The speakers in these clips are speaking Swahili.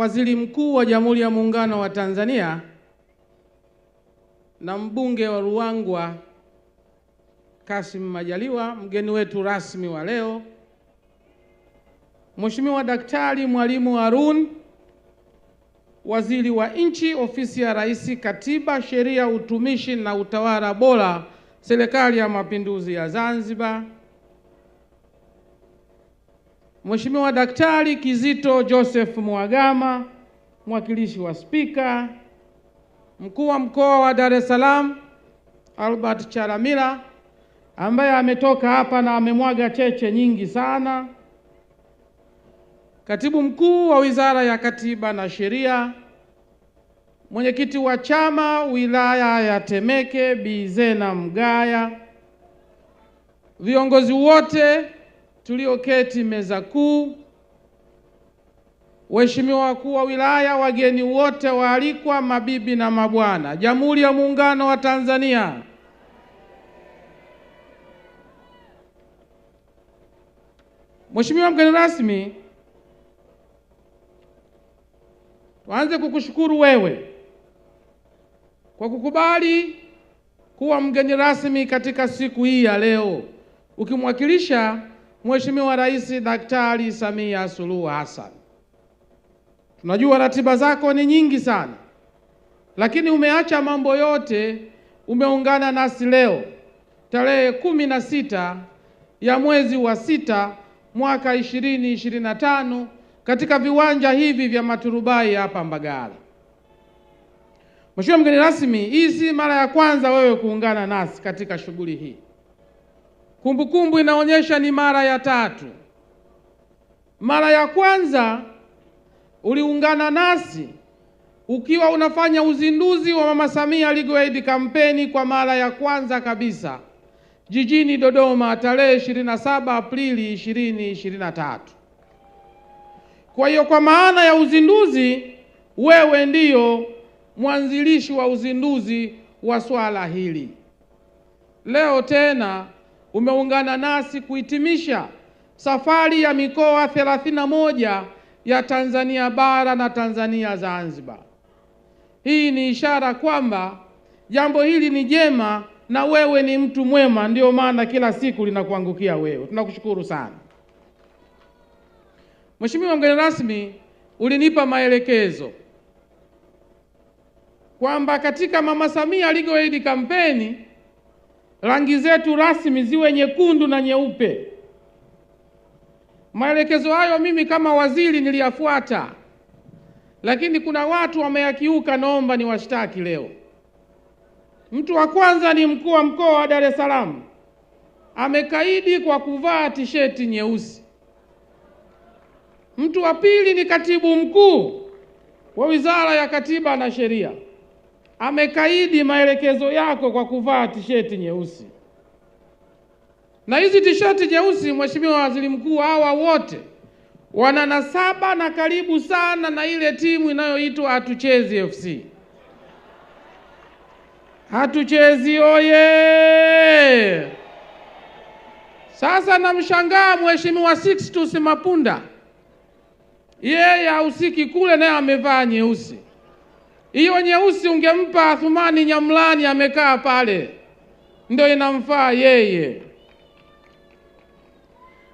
waziri mkuu wa Jamhuri ya Muungano wa Tanzania na mbunge wa Ruangwa Kassim Majaliwa, mgeni wetu rasmi wa leo, Mheshimiwa Daktari Mwalimu Harun, waziri wa nchi ofisi ya Rais, Katiba, Sheria, Utumishi na Utawala Bora, Serikali ya Mapinduzi ya Zanzibar Mheshimiwa Daktari Kizito Joseph mwagama mwakilishi wa Spika, mkuu wa mkoa wa Dar es Salaam Albert Chalamila ambaye ametoka hapa na amemwaga cheche nyingi sana, katibu mkuu wa Wizara ya Katiba na Sheria, mwenyekiti wa chama wilaya ya Temeke Bi Zena Mgaya, viongozi wote tulioketi meza kuu, waheshimiwa wakuu wa wilaya, wageni wote waalikwa, mabibi na mabwana, Jamhuri ya Muungano wa Tanzania, Mheshimiwa mgeni rasmi, tuanze kukushukuru wewe kwa kukubali kuwa mgeni rasmi katika siku hii ya leo ukimwakilisha Mheshimiwa Rais Daktari Samia Suluhu Hassan, tunajua ratiba zako ni nyingi sana, lakini umeacha mambo yote, umeungana nasi leo tarehe kumi na sita ya mwezi wa sita mwaka 2025 katika viwanja hivi vya Maturubai hapa Mbagala. Mheshimiwa mgeni rasmi, hii si mara ya kwanza wewe kuungana nasi katika shughuli hii. Kumbukumbu inaonyesha ni mara ya tatu. Mara ya kwanza uliungana nasi ukiwa unafanya uzinduzi wa Mama Samia Legal Aid kampeni kwa mara ya kwanza kabisa jijini Dodoma tarehe 27 Aprili 2023. Kwa hiyo kwa maana ya uzinduzi, wewe ndiyo mwanzilishi wa uzinduzi wa swala hili. Leo tena umeungana nasi kuhitimisha safari ya mikoa moja ya Tanzania bara na Tanzania Zanzibar. Hii ni ishara kwamba jambo hili ni jema na wewe ni mtu mwema, ndiyo maana kila siku linakuangukia wewe. Tunakushukuru sana Mheshimiwa mgeni rasmi, ulinipa maelekezo kwamba katika Mama Samia Legal Aid kampeni rangi zetu rasmi ziwe nyekundu na nyeupe. Maelekezo hayo mimi kama waziri niliyafuata, lakini kuna watu wameyakiuka, naomba niwashtaki leo. Mtu wa kwanza ni mkuu wa mkoa wa Dar es Salaam, amekaidi kwa kuvaa tisheti nyeusi. Mtu wa pili ni katibu mkuu wa Wizara ya Katiba na Sheria amekaidi maelekezo yako kwa kuvaa tisheti nyeusi. Na hizi tisheti nyeusi, Mheshimiwa Waziri Mkuu, hawa wote wana nasaba na karibu sana na ile timu inayoitwa Hatuchezi FC. Hatuchezi oye! Sasa namshangaa Mheshimiwa Sixtus Mapunda, yeye hahusiki kule, naye amevaa nyeusi. Hiyo nyeusi ungempa Athumani Nyamlani, amekaa pale, ndio inamfaa yeye.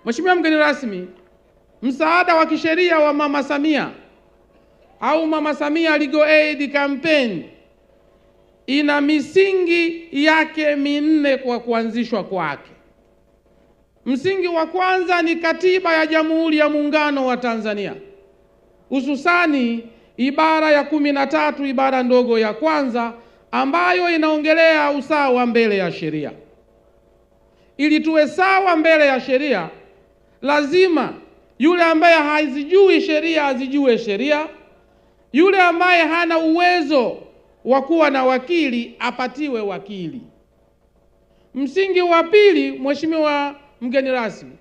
Mheshimiwa mgeni rasmi, msaada wa kisheria wa Mama Samia au Mama Samia Legal Aid Campaign ina misingi yake minne kwa kuanzishwa kwake. Msingi wa kwanza ni katiba ya Jamhuri ya Muungano wa Tanzania, hususani ibara ya kumi na tatu ibara ndogo ya kwanza ambayo inaongelea usawa mbele ya sheria. Ili tuwe sawa mbele ya sheria, lazima yule ambaye hazijui sheria azijue sheria, yule ambaye hana uwezo wa kuwa na wakili apatiwe wakili. Msingi wa pili, mheshimiwa mgeni rasmi,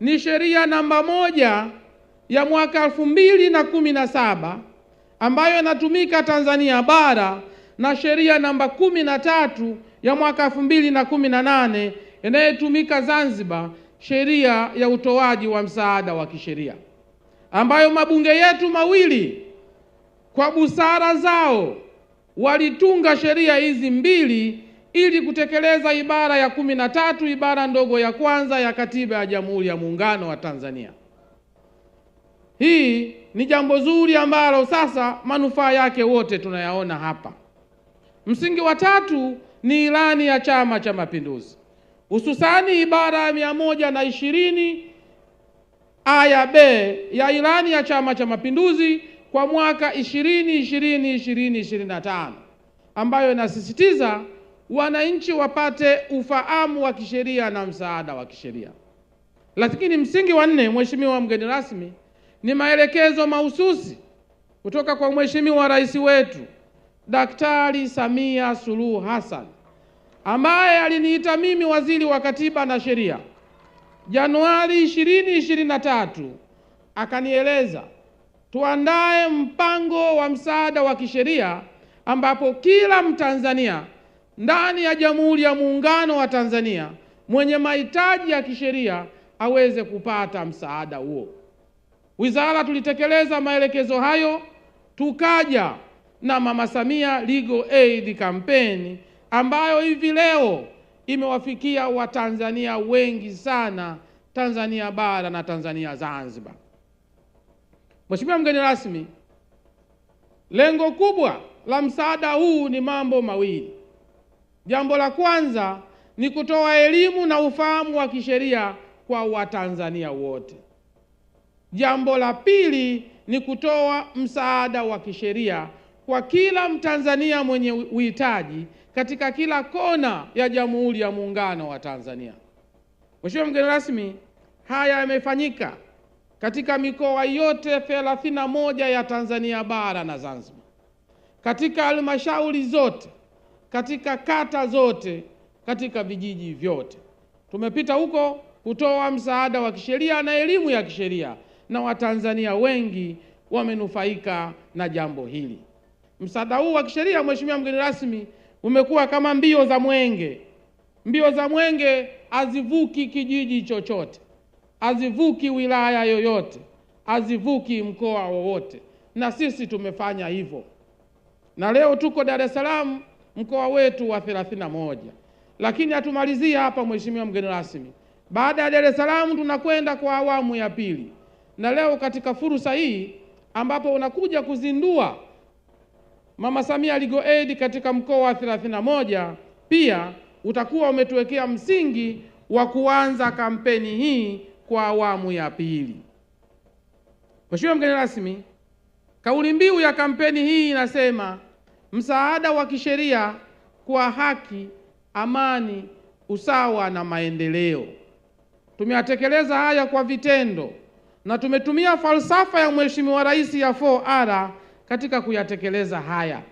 ni sheria namba moja ya mwaka elfu mbili na kumi na saba ambayo inatumika Tanzania bara na sheria namba kumi na tatu ya mwaka elfu mbili na kumi na nane inayotumika Zanzibar, sheria ya utoaji wa msaada wa kisheria ambayo mabunge yetu mawili kwa busara zao walitunga sheria hizi mbili ili kutekeleza ibara ya kumi na tatu ibara ndogo ya kwanza ya katiba ya Jamhuri ya Muungano wa Tanzania. Hii ni jambo zuri ambalo sasa manufaa yake wote tunayaona hapa. Msingi wa tatu ni ilani ya Chama cha Mapinduzi, hususani ibara ya mia moja na ishirini aya b ya ilani ya Chama cha Mapinduzi kwa mwaka 2020 2025 ambayo inasisitiza wananchi wapate ufahamu wa kisheria na msaada wa kisheria. Lakini msingi wa nne, Mheshimiwa mgeni rasmi ni maelekezo mahususi kutoka kwa Mheshimiwa Rais wetu Daktari Samia Suluhu Hassan ambaye aliniita mimi waziri wa Katiba na Sheria Januari 2023 akanieleza tuandae mpango wa msaada wa kisheria ambapo kila Mtanzania ndani ya Jamhuri ya Muungano wa Tanzania mwenye mahitaji ya kisheria aweze kupata msaada huo. Wizara tulitekeleza maelekezo hayo, tukaja na Mama Samia Legal Aid Campaign ambayo hivi leo imewafikia Watanzania wengi sana Tanzania bara na Tanzania Zanzibar. Mheshimiwa mgeni rasmi, lengo kubwa la msaada huu ni mambo mawili. Jambo la kwanza ni kutoa elimu na ufahamu wa kisheria kwa Watanzania wote. Jambo la pili ni kutoa msaada wa kisheria kwa kila Mtanzania mwenye uhitaji katika kila kona ya Jamhuri ya Muungano wa Tanzania. Mheshimiwa mgeni rasmi, haya yamefanyika katika mikoa yote moja ya Tanzania bara na Zanzibar, katika halmashauri zote, katika kata zote, katika vijiji vyote. Tumepita huko kutoa msaada wa kisheria na elimu ya kisheria na Watanzania wengi wamenufaika na jambo hili. Msaada huu wa kisheria, Mheshimiwa mgeni rasmi, umekuwa kama mbio za mwenge. Mbio za mwenge hazivuki kijiji chochote, hazivuki wilaya yoyote, hazivuki mkoa wowote, na sisi tumefanya hivyo, na leo tuko Dar es Salaam, mkoa wetu wa 31. Lakini hatumalizia hapa, Mheshimiwa mgeni rasmi, baada ya Dar es Salaam tunakwenda kwa awamu ya pili na leo katika fursa hii ambapo unakuja kuzindua Mama Samia Legal Aid katika mkoa wa moja pia utakuwa umetuwekea msingi wa kuanza kampeni hii kwa awamu ya pili. Mheshimiwa mgeni rasmi, kauli mbiu ya kampeni hii inasema msaada wa kisheria kwa haki, amani, usawa na maendeleo. Tumeyatekeleza haya kwa vitendo na tumetumia falsafa ya Mheshimiwa Rais ya 4R katika kuyatekeleza haya.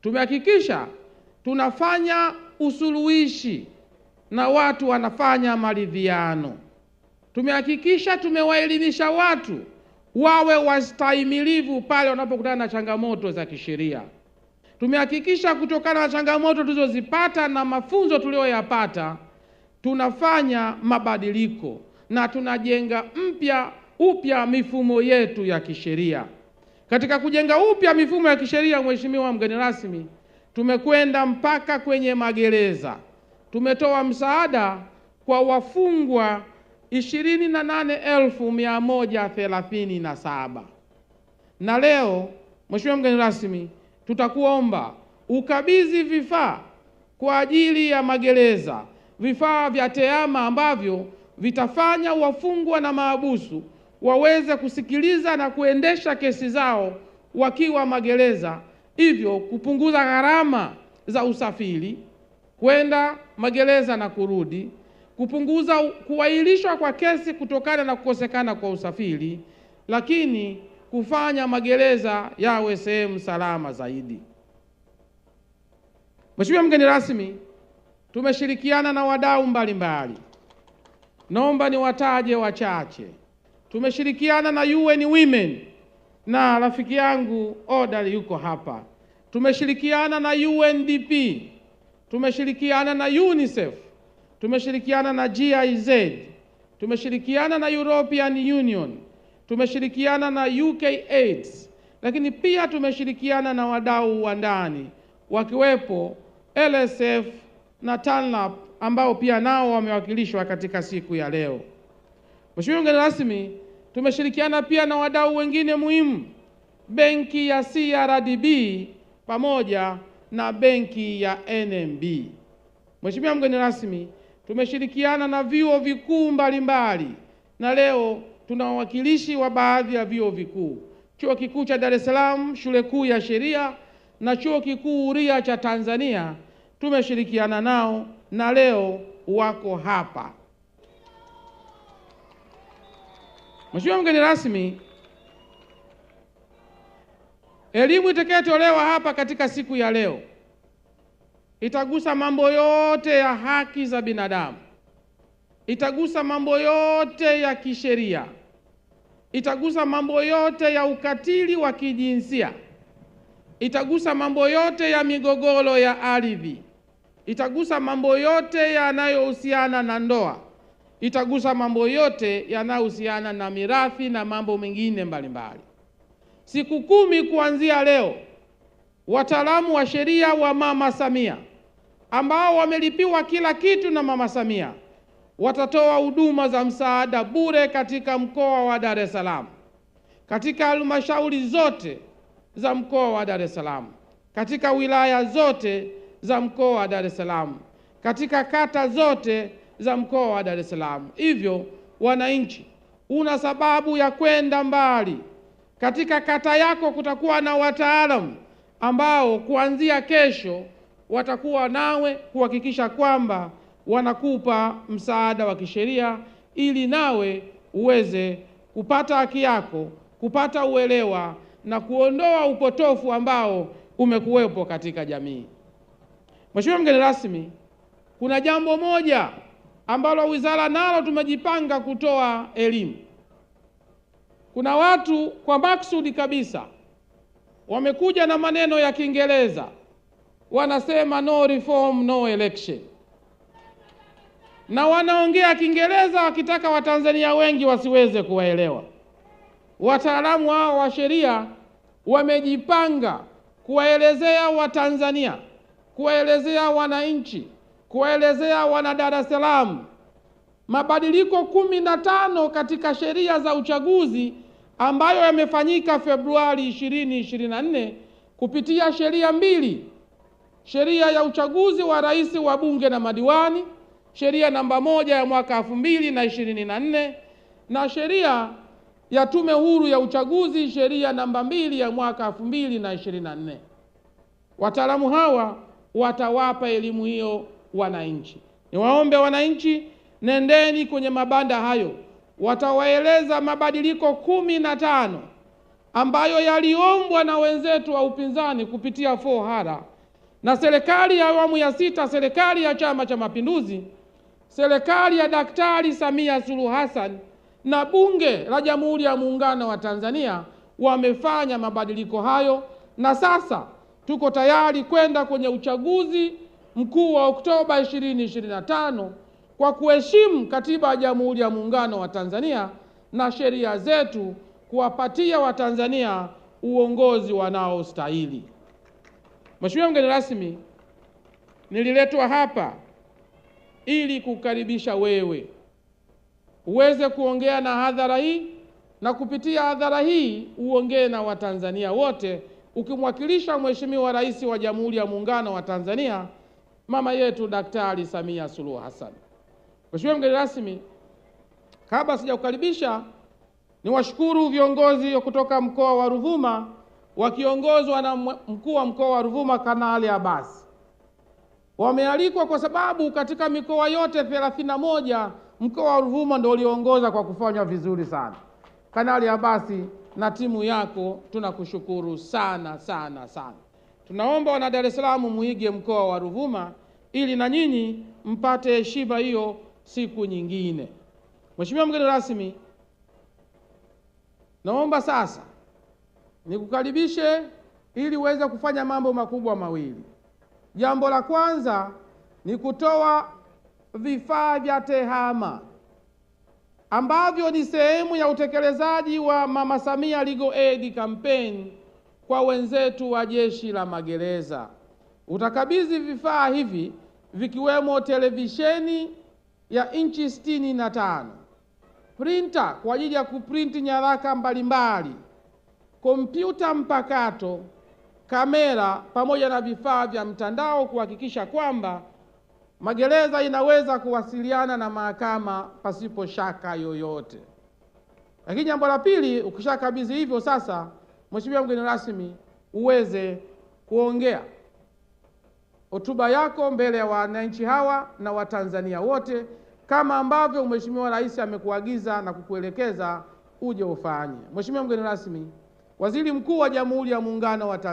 Tumehakikisha tunafanya usuluhishi na watu wanafanya maridhiano. Tumehakikisha tumewaelimisha watu wawe wastahimilivu pale wanapokutana na changamoto za kisheria. Tumehakikisha kutokana na changamoto tulizozipata na mafunzo tuliyoyapata, tunafanya mabadiliko na tunajenga mpya upya mifumo yetu ya kisheria. Katika kujenga upya mifumo ya kisheria, Mheshimiwa mgeni rasmi, tumekwenda mpaka kwenye magereza. Tumetoa msaada kwa wafungwa ishirini na nane elfu mia moja thelathini na saba na leo, Mheshimiwa mgeni rasmi, tutakuomba ukabidhi vifaa kwa ajili ya magereza, vifaa vya tehama ambavyo vitafanya wafungwa na maabusu waweze kusikiliza na kuendesha kesi zao wakiwa magereza, hivyo kupunguza gharama za usafiri kwenda magereza na kurudi, kupunguza kuahirishwa kwa kesi kutokana na kukosekana kwa usafiri, lakini kufanya magereza yawe sehemu salama zaidi. Mheshimiwa mgeni rasmi, tumeshirikiana na wadau mbalimbali, naomba niwataje wachache. Tumeshirikiana na UN Women na rafiki yangu Odal yuko hapa. Tumeshirikiana na UNDP, tumeshirikiana na UNICEF, tumeshirikiana na GIZ, tumeshirikiana na European Union, tumeshirikiana na UK AIDS, lakini pia tumeshirikiana na wadau wa ndani wakiwepo LSF na TANLAP ambao pia nao wamewakilishwa katika siku ya leo. Mheshimiwa mgeni rasmi, tumeshirikiana pia na wadau wengine muhimu, benki ya CRDB pamoja na benki ya NMB. Mheshimiwa mgeni rasmi, tumeshirikiana na vyuo vikuu mbalimbali na leo tuna wawakilishi wa baadhi ya vyuo vikuu, chuo kikuu cha Dar es Salaam, shule kuu ya sheria na chuo kikuu huria cha Tanzania. Tumeshirikiana nao na leo wako hapa. Mheshimiwa mgeni rasmi, elimu itakayotolewa hapa katika siku ya leo itagusa mambo yote ya haki za binadamu, itagusa mambo yote ya kisheria, itagusa mambo yote ya ukatili wa kijinsia, itagusa mambo yote ya migogoro ya ardhi, itagusa mambo yote yanayohusiana na ndoa itagusa mambo yote yanayohusiana na mirathi na mambo mengine mbalimbali. Siku kumi kuanzia leo, wataalamu wa sheria wa Mama Samia ambao wamelipiwa kila kitu na Mama Samia watatoa huduma za msaada bure katika mkoa wa Dar es Salaam, katika halmashauri zote za mkoa wa Dar es Salaam, katika wilaya zote za mkoa wa Dar es Salaam, katika kata zote za mkoa wa Dar es Salaam. Hivyo wananchi, una sababu ya kwenda mbali. Katika kata yako kutakuwa na wataalamu ambao kuanzia kesho watakuwa nawe kuhakikisha kwamba wanakupa msaada wa kisheria ili nawe uweze kupata haki yako, kupata uelewa na kuondoa upotofu ambao umekuwepo katika jamii. Mheshimiwa mgeni rasmi, kuna jambo moja ambalo wizara nalo tumejipanga kutoa elimu. Kuna watu kwa maksudi kabisa wamekuja na maneno ya Kiingereza wanasema no reform no election, na wanaongea Kiingereza wakitaka Watanzania wengi wasiweze kuwaelewa. Wataalamu hao wa sheria wamejipanga kuwaelezea Watanzania, kuwaelezea wananchi kuwaelezea wana Dar es Salaam mabadiliko kumi na tano katika sheria za uchaguzi ambayo yamefanyika Februari 2024 kupitia sheria mbili, sheria ya uchaguzi wa rais, wa bunge na madiwani, sheria namba moja ya mwaka 2024 na sheria ya tume huru ya uchaguzi, sheria namba mbili ya mwaka 2024. Wataalamu hawa watawapa elimu hiyo wananchi. Niwaombe wananchi, nendeni kwenye mabanda hayo, watawaeleza mabadiliko kumi na tano ambayo yaliombwa na wenzetu wa upinzani kupitia fohara na serikali ya awamu ya sita, serikali ya Chama cha Mapinduzi, serikali ya Daktari Samia Suluhu Hassan na Bunge la Jamhuri ya Muungano wa Tanzania wamefanya mabadiliko hayo, na sasa tuko tayari kwenda kwenye uchaguzi mkuu wa Oktoba 2025 kwa kuheshimu Katiba ya Jamhuri ya Muungano wa Tanzania na sheria zetu kuwapatia Watanzania uongozi wanaostahili. Mheshimiwa mgeni rasmi, nililetwa hapa ili kukaribisha wewe uweze kuongea na hadhara hii na kupitia hadhara hii uongee na Watanzania wote ukimwakilisha Mheshimiwa Rais wa Jamhuri ya Muungano wa Tanzania mama yetu Daktari Samia Suluhu Hassan. Mheshimiwa mgeni rasmi, kabla sijakukaribisha, niwashukuru viongozi kutoka mkoa wa Ruvuma wakiongozwa na mkuu wa mkoa wa Ruvuma Kanali Abasi. Wamealikwa kwa sababu katika mikoa yote 31 mkoa wa Ruvuma ndio uliongoza kwa kufanya vizuri sana. Kanali Abasi na timu yako tunakushukuru sana sana sana. Tunaomba wana Dar es Salaam muige mkoa wa Ruvuma ili na nyinyi mpate heshima hiyo siku nyingine. Mheshimiwa mgeni rasmi, naomba sasa nikukaribishe ili uweze kufanya mambo makubwa mawili. Jambo la kwanza ni kutoa vifaa vya TEHAMA ambavyo ni sehemu ya utekelezaji wa Mama Samia Legal Aid Campaign kwa wenzetu wa jeshi la magereza. Utakabidhi vifaa hivi vikiwemo televisheni ya inchi sitini na tano, printer kwa ajili ya kuprinti nyaraka mbalimbali, kompyuta mpakato, kamera pamoja na vifaa vya mtandao kuhakikisha kwamba magereza inaweza kuwasiliana na mahakama pasipo shaka yoyote. Lakini jambo la pili, ukishakabidhi hivyo sasa Mheshimiwa mgeni rasmi, uweze kuongea hotuba yako mbele ya wananchi hawa na Watanzania wote kama ambavyo Mheshimiwa Rais amekuagiza na kukuelekeza uje ufanye. Mheshimiwa mgeni rasmi, Waziri Mkuu wa Jamhuri ya Muungano wa Tanzania